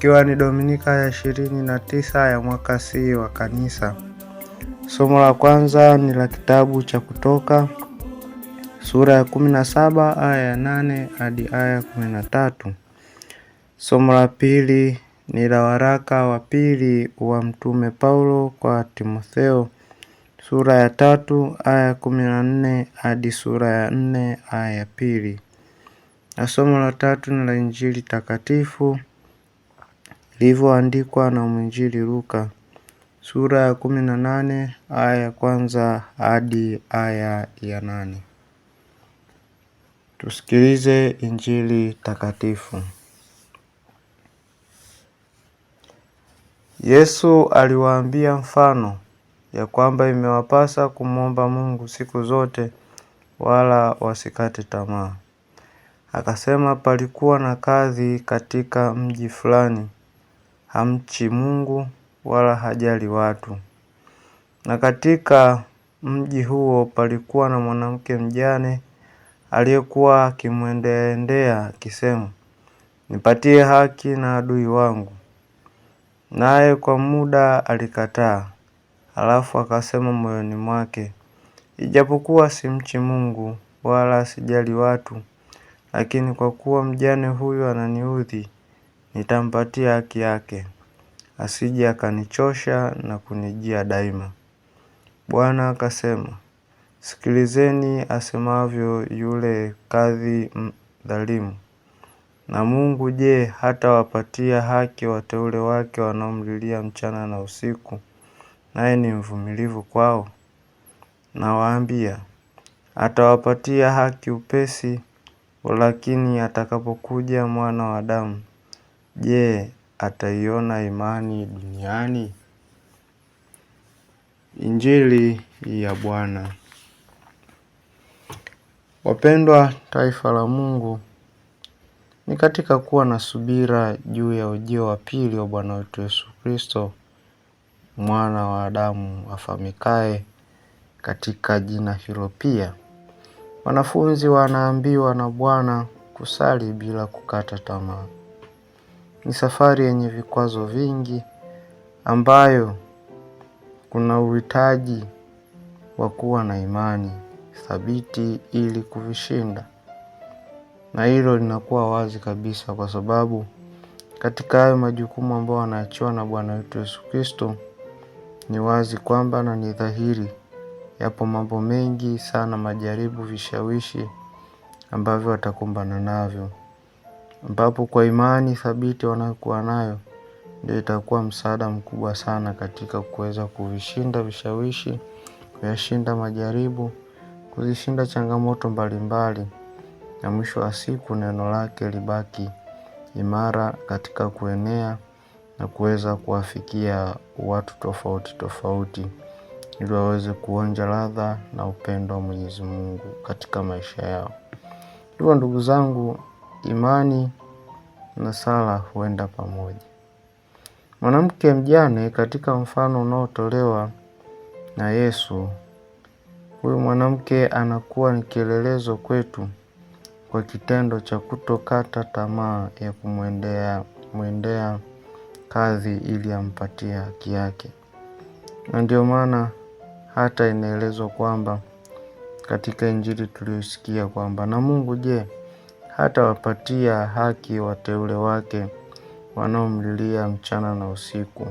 ikiwa ni Dominika ya ishirini na tisa ya mwaka C wa Kanisa. Somo la kwanza ni la kitabu cha Kutoka sura ya kumi na saba aya ya nane hadi aya ya kumi na tatu. Somo la pili ni la waraka wa pili wa Mtume Paulo kwa Timotheo sura ya tatu aya ya kumi na nne hadi sura ya nne aya ya pili, na somo la tatu ni la Injili takatifu lilivyoandikwa na mwinjili Luka sura ya kumi na nane aya ya kwanza hadi aya ya nane. Tusikilize Injili takatifu. Yesu aliwaambia mfano ya kwamba imewapasa kumwomba Mungu siku zote wala wasikate tamaa. Akasema palikuwa na kadhi katika mji fulani hamchi Mungu wala hajali watu. Na katika mji huo palikuwa na mwanamke mjane aliyekuwa akimwendeaendea akisema, nipatie haki na adui wangu. Naye kwa muda alikataa, alafu akasema moyoni mwake, ijapokuwa simchi Mungu wala sijali watu, lakini kwa kuwa mjane huyu ananiudhi, Nitampatia haki yake. Asije akanichosha na kunijia daima. Bwana akasema, sikilizeni asemavyo yule kadhi dhalimu. Na Mungu je, hatawapatia haki wateule wake wanaomlilia mchana na usiku, naye ni mvumilivu kwao? Nawaambia, atawapatia haki upesi, lakini atakapokuja Mwana wa Adamu, Je, ataiona imani duniani? Injili ya Bwana. Wapendwa taifa la Mungu, ni katika kuwa na subira juu ya ujio wa pili wa Bwana wetu Yesu Kristo, mwana wa Adamu afamikae katika jina hilo pia, wanafunzi wanaambiwa na Bwana kusali bila kukata tamaa. Ni safari yenye vikwazo vingi ambayo kuna uhitaji wa kuwa na imani thabiti ili kuvishinda, na hilo linakuwa wazi kabisa kwa sababu katika hayo majukumu ambayo wanaachiwa na Bwana wetu Yesu Kristo, ni wazi kwamba na ni dhahiri yapo mambo mengi sana, majaribu, vishawishi ambavyo watakumbana navyo ambapo kwa imani thabiti wanayokuwa nayo ndio itakuwa msaada mkubwa sana katika kuweza kuvishinda vishawishi, kuyashinda majaribu, kuzishinda changamoto mbalimbali, na mwisho wa siku neno lake libaki imara katika kuenea na kuweza kuwafikia watu tofauti tofauti ili waweze kuonja ladha na upendo wa Mwenyezi Mungu katika maisha yao. Hivyo ndugu zangu, imani na sala huenda pamoja. Mwanamke mjane katika mfano unaotolewa na Yesu, huyu mwanamke anakuwa ni kielelezo kwetu kwa kitendo cha kutokata tamaa ya kumwendea mwendea kazi ili ampatie haki yake, na ndio maana hata inaelezwa kwamba katika Injili tuliyosikia kwamba na Mungu je Hatawapatia haki wateule wake wanaomlilia mchana na usiku,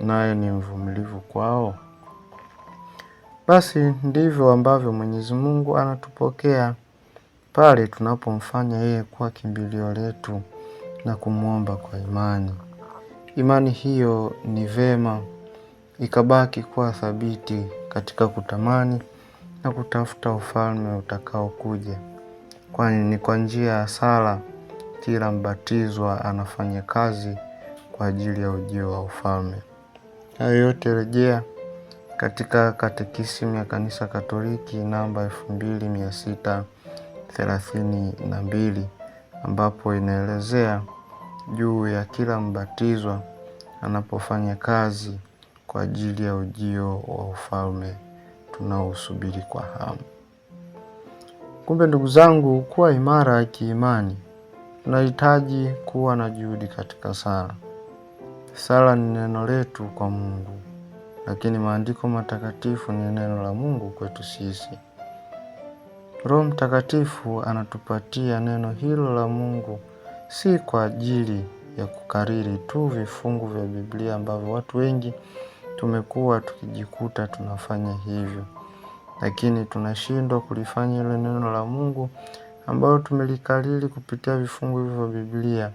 naye ni mvumilivu kwao. Basi ndivyo ambavyo Mwenyezi Mungu anatupokea pale tunapomfanya yeye kuwa kimbilio letu na kumwomba kwa imani. Imani hiyo ni vema ikabaki kuwa thabiti katika kutamani na kutafuta ufalme utakaokuja kwani ni kwa njia ya sala kila mbatizwa anafanya kazi kwa ajili ya ujio wa ufalme. Hayo yote rejea katika Katekisimu ya Kanisa Katoliki namba elfu mbili mia sita thelathini na mbili ambapo inaelezea juu ya kila mbatizwa anapofanya kazi kwa ajili ya ujio wa ufalme tunaousubiri kwa hamu. Kumbe ndugu zangu, kuwa imara kiimani tunahitaji kuwa na juhudi katika sala. Sala ni neno letu kwa Mungu, lakini maandiko matakatifu ni neno la Mungu kwetu sisi. Roho Mtakatifu anatupatia neno hilo la Mungu, si kwa ajili ya kukariri tu vifungu vya Biblia ambavyo watu wengi tumekuwa tukijikuta tunafanya hivyo lakini tunashindwa kulifanya ile neno la Mungu ambalo tumelikariri kupitia vifungu hivyo vya Biblia,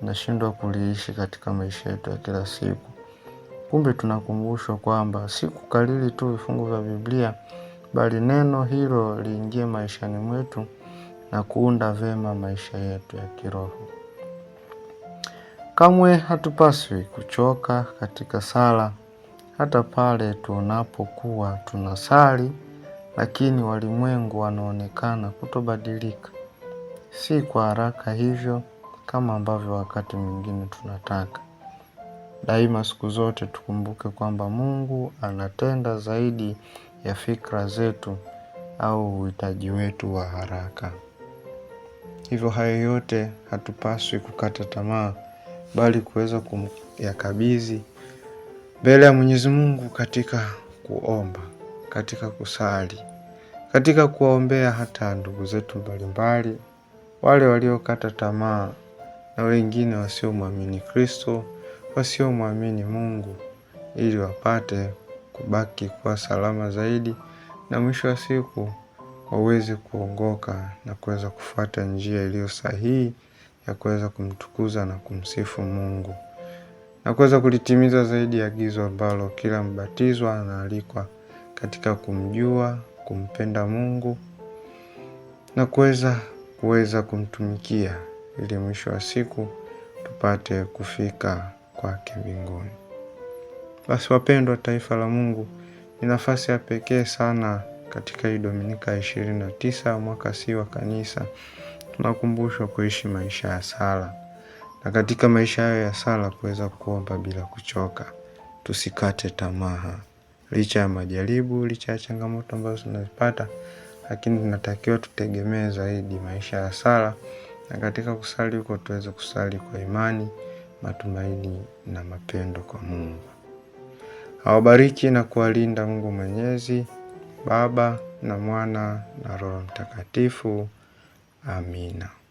tunashindwa kuliishi katika maisha yetu ya kila siku. Kumbe tunakumbushwa kwamba si kukariri tu vifungu vya Biblia, bali neno hilo liingie maishani mwetu na kuunda vema maisha yetu ya kiroho. Kamwe hatupaswi kuchoka katika sala hata pale tunapokuwa tunasali, lakini walimwengu wanaonekana kutobadilika, si kwa haraka hivyo kama ambavyo wakati mwingine tunataka. Daima siku zote tukumbuke kwamba Mungu anatenda zaidi ya fikra zetu au uhitaji wetu wa haraka. Hivyo hayo yote hatupaswi kukata tamaa, bali kuweza kumkabidhi mbele ya Mwenyezi Mungu katika kuomba, katika kusali, katika kuwaombea hata ndugu zetu mbalimbali, wale waliokata tamaa na wengine wasiomwamini Kristo, wasiomwamini Mungu, ili wapate kubaki kuwa salama zaidi na mwisho wa siku waweze kuongoka na kuweza kufuata njia iliyo sahihi ya kuweza kumtukuza na kumsifu Mungu na kuweza kulitimiza zaidi agizo ambalo kila mbatizwa anaalikwa katika kumjua, kumpenda Mungu na kuweza kuweza kumtumikia ili mwisho wa siku tupate kufika kwake mbinguni. Basi wapendwa, taifa la Mungu, ni nafasi ya pekee sana katika hii Dominika ya ishirini na tisa ya mwaka si wa Kanisa, tunakumbushwa kuishi maisha ya sala na katika maisha hayo ya sala kuweza kuomba bila kuchoka. Tusikate tamaa licha ya majaribu, licha ya changamoto ambazo tunazipata, lakini tunatakiwa tutegemee zaidi maisha ya sala, na katika kusali huko tuweze kusali kwa imani, matumaini na mapendo kwa Mungu. Awabariki na kuwalinda Mungu Mwenyezi, Baba na Mwana na Roho Mtakatifu. Amina.